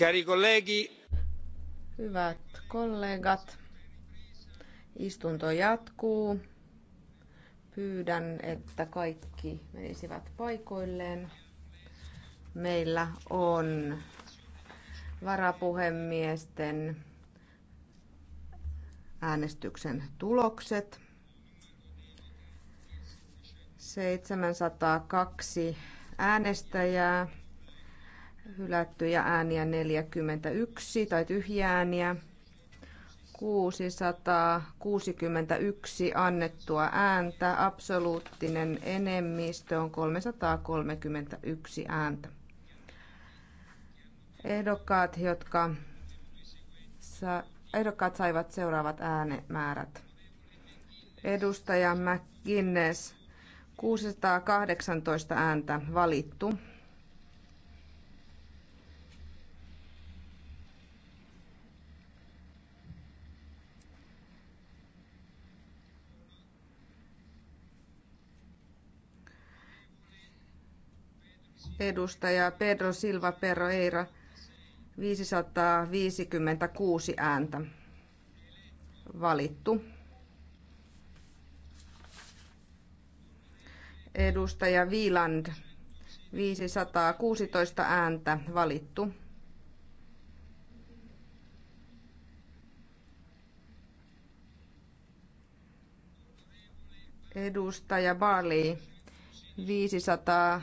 Cari colleghi. Hyvät kollegat, istunto jatkuu. Pyydän, että kaikki menisivät paikoilleen. Meillä on varapuhemiesten äänestyksen tulokset. 702 äänestäjää hylättyjä ääniä 41 tai ääniä, 661 annettua ääntä, absoluuttinen enemmistö on 331 ääntä. Ehdokkaat, jotka sa- ehdokkaat saivat seuraavat äänemäärät. Edustaja McGuinness 618 ääntä valittu. edustaja Pedro Silva Pereira 556 ääntä valittu. Edustaja Viiland 516 ääntä valittu. Edustaja Barley 500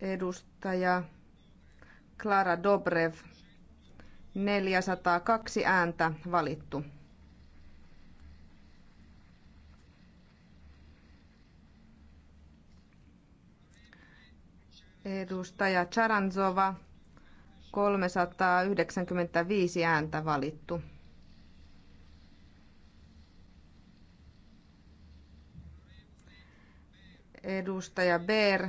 Edustaja Klara Dobrev, 402 ääntä valittu. Edustaja Charanzova, 395 ääntä valittu. Edustaja Beer,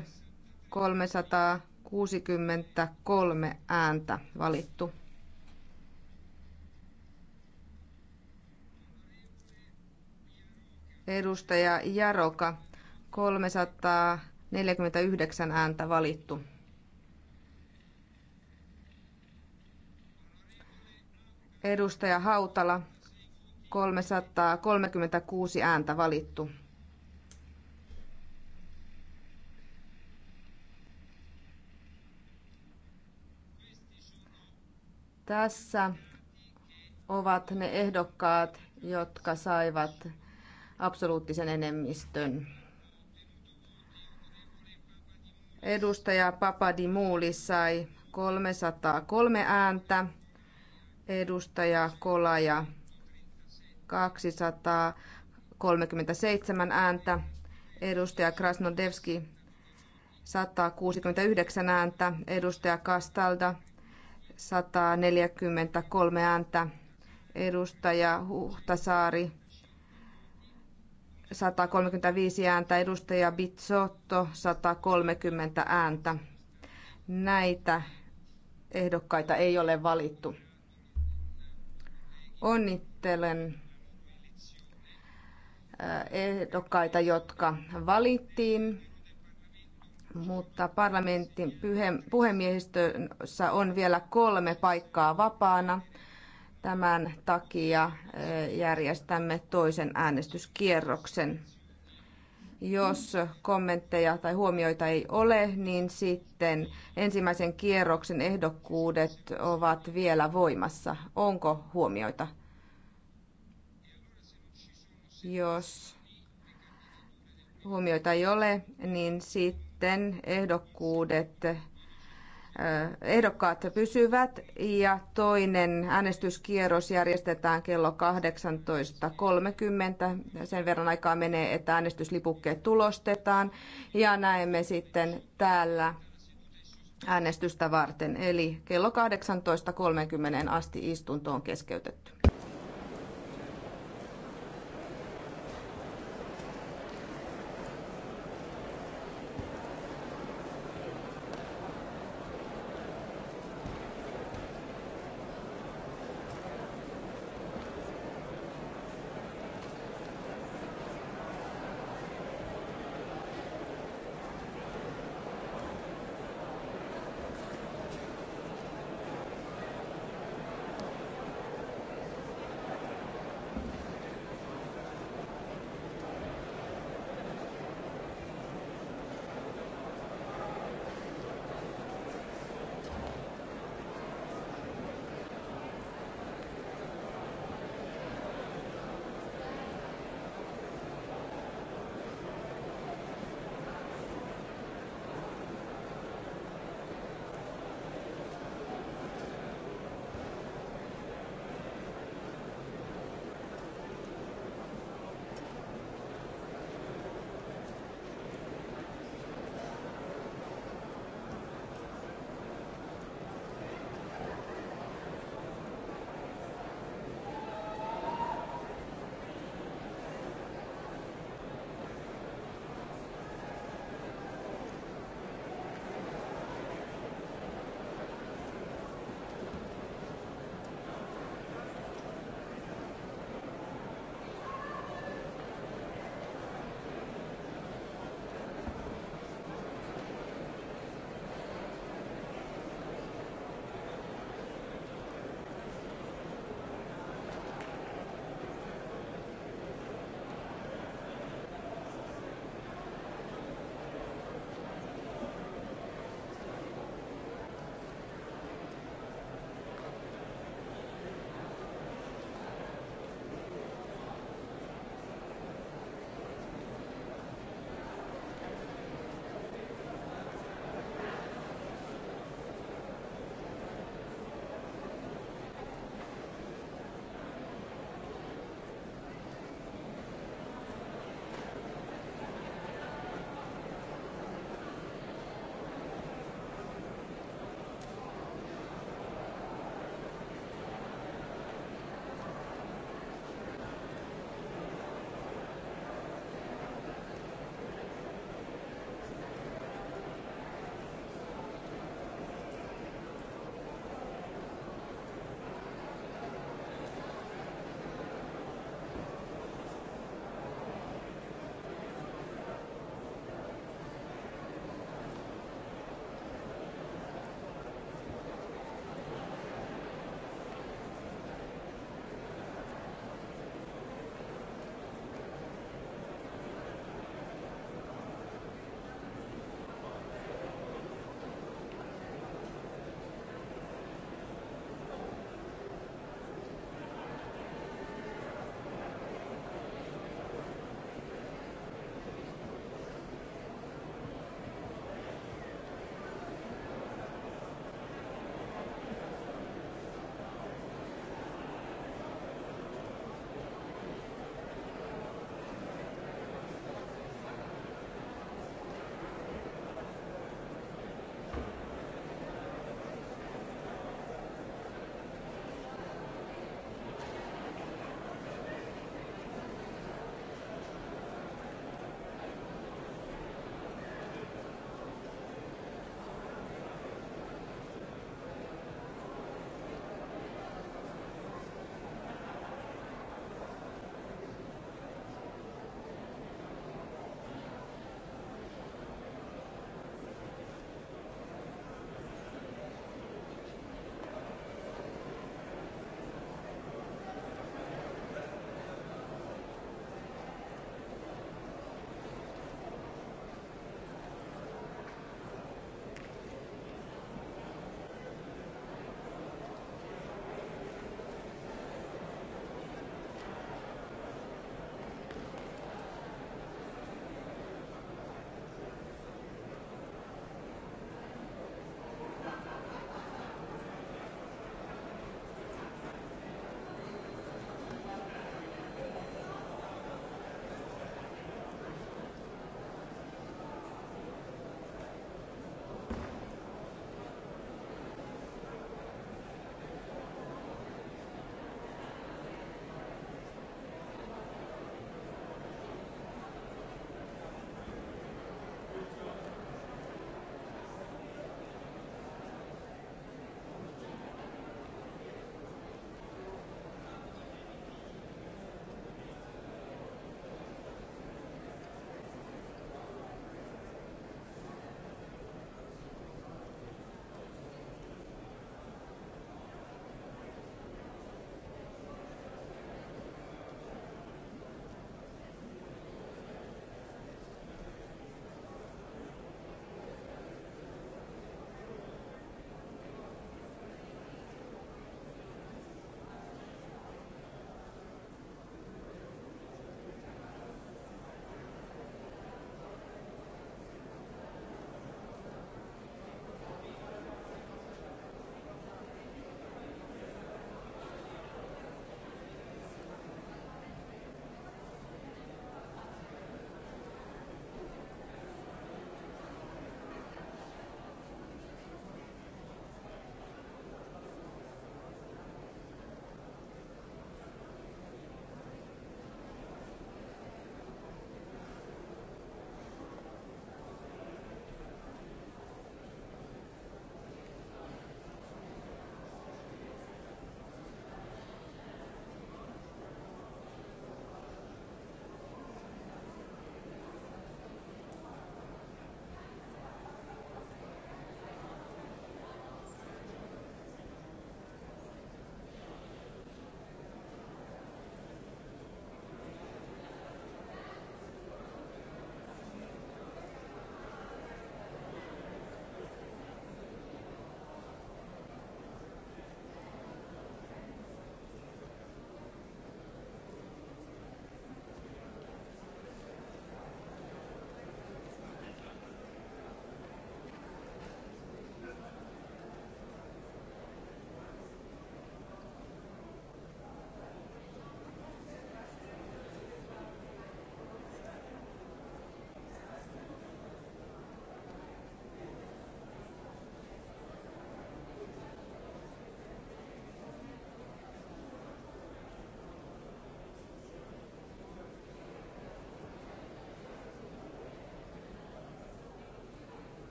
363 ääntä valittu. Edustaja Jaroka, 349 ääntä valittu. Edustaja Hautala, 336 ääntä valittu. Tässä ovat ne ehdokkaat, jotka saivat absoluuttisen enemmistön. Edustaja Papadimoulis sai 303 ääntä, edustaja Kolaja 237 ääntä, edustaja Krasnodevski 169 ääntä, edustaja Kastalda 143 ääntä, edustaja Huhtasaari 135 ääntä, edustaja Bitsotto 130 ääntä. Näitä ehdokkaita ei ole valittu. Onnittelen ehdokkaita, jotka valittiin mutta parlamentin puhemiehistössä on vielä kolme paikkaa vapaana. Tämän takia e, järjestämme toisen äänestyskierroksen. Jos kommentteja tai huomioita ei ole, niin sitten ensimmäisen kierroksen ehdokkuudet ovat vielä voimassa. Onko huomioita? Jos huomioita ei ole, niin sitten sitten ehdokkuudet ehdokkaat pysyvät ja toinen äänestyskierros järjestetään kello 18.30. Sen verran aikaa menee, että äänestyslipukkeet tulostetaan ja näemme sitten täällä äänestystä varten. Eli kello 18.30 asti istunto on keskeytetty.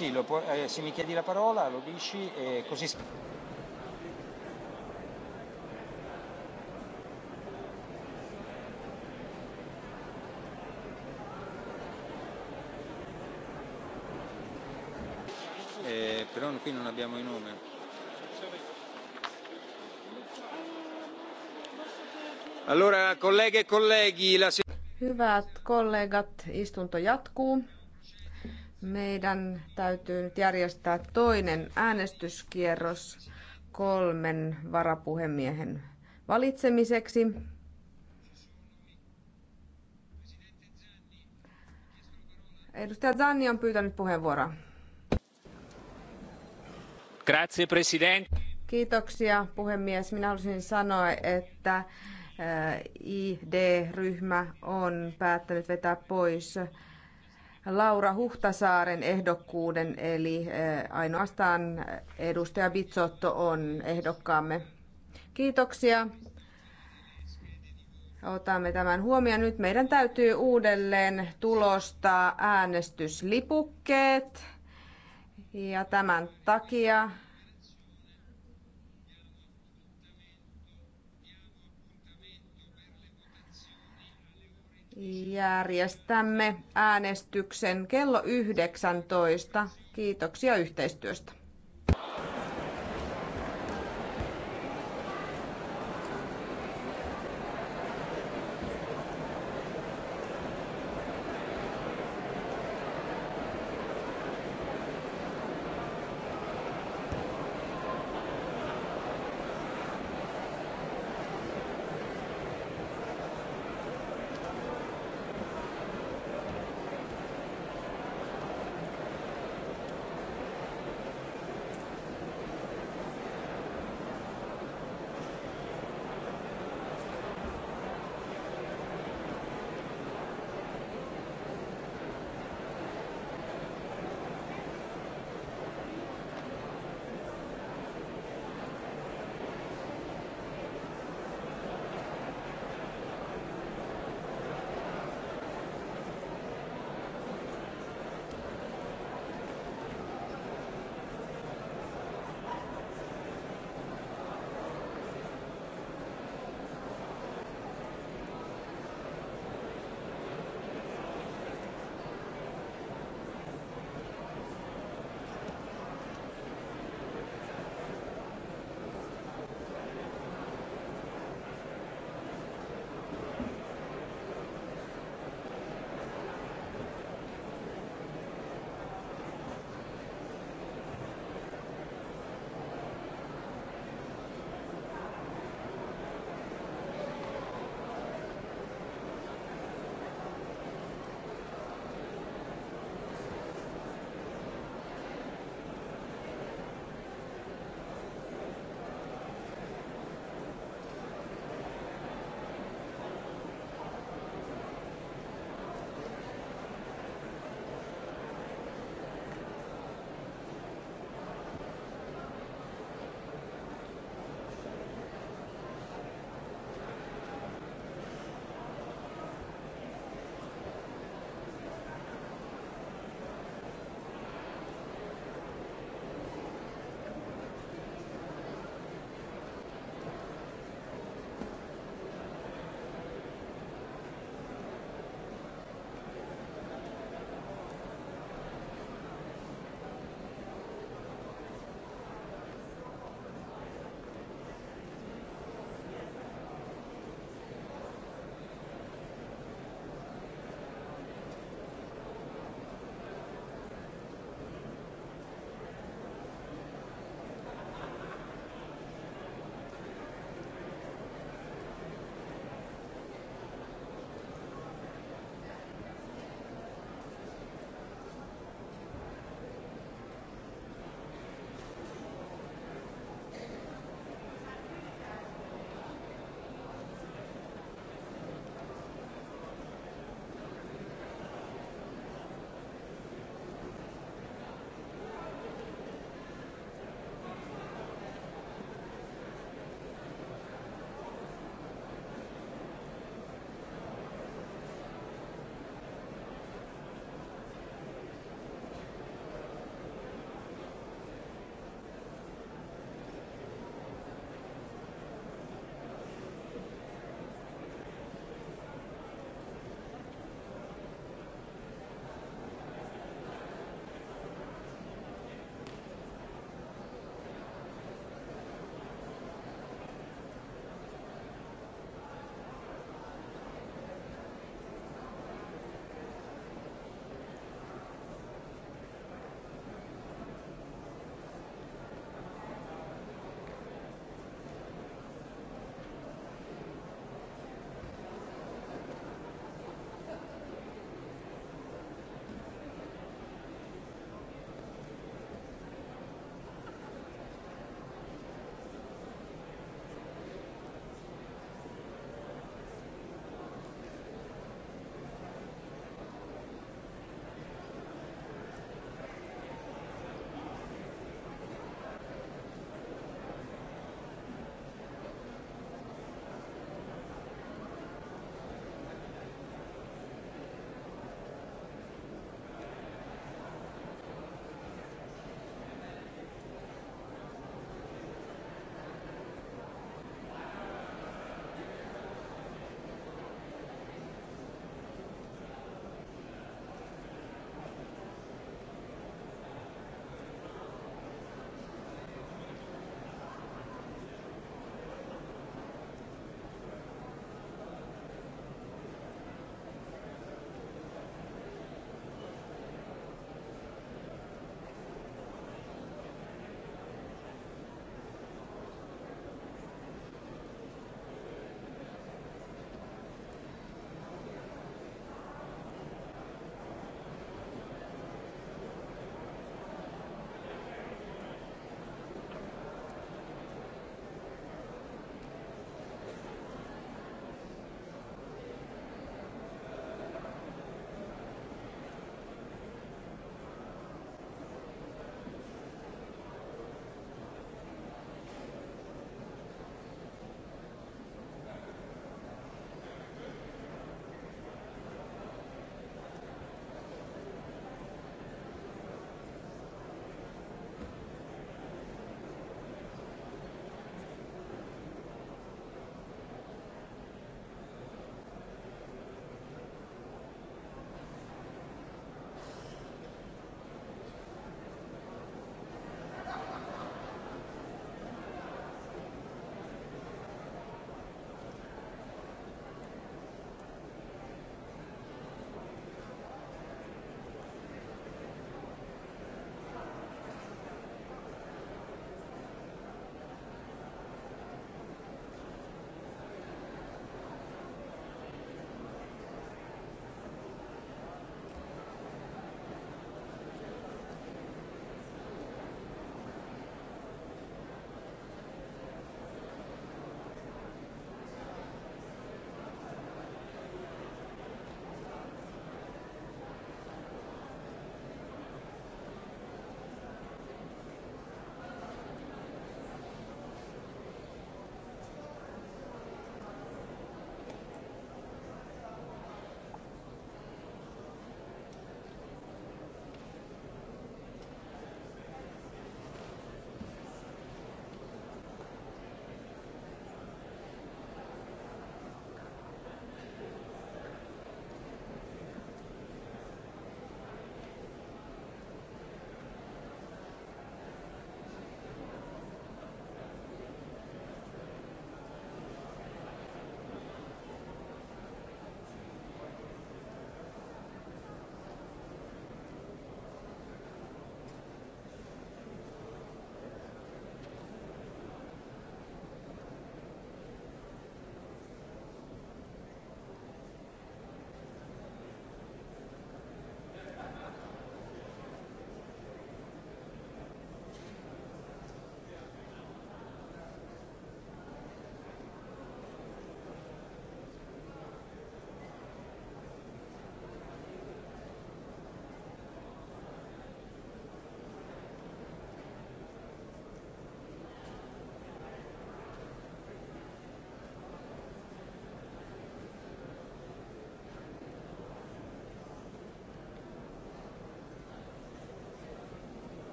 sì, lo, eh, se mi chiedi la parola lo dici e così. Eh, però qui non abbiamo i nomi. Allora, colleghe e colleghi, la... Hyvät kollegat, istunto jatkuu. Meidän täytyy nyt järjestää toinen äänestyskierros kolmen varapuhemiehen valitsemiseksi. Edustaja Zanni on pyytänyt puheenvuoroa. Grazie, president. Kiitoksia puhemies. Minä haluaisin sanoa, että ID-ryhmä on päättänyt vetää pois Laura Huhtasaaren ehdokkuuden, eli eh, ainoastaan edustaja Bitsotto on ehdokkaamme. Kiitoksia. Otamme tämän huomioon. Nyt meidän täytyy uudelleen tulostaa äänestyslipukkeet. Ja tämän takia järjestämme äänestyksen kello 19. Kiitoksia yhteistyöstä.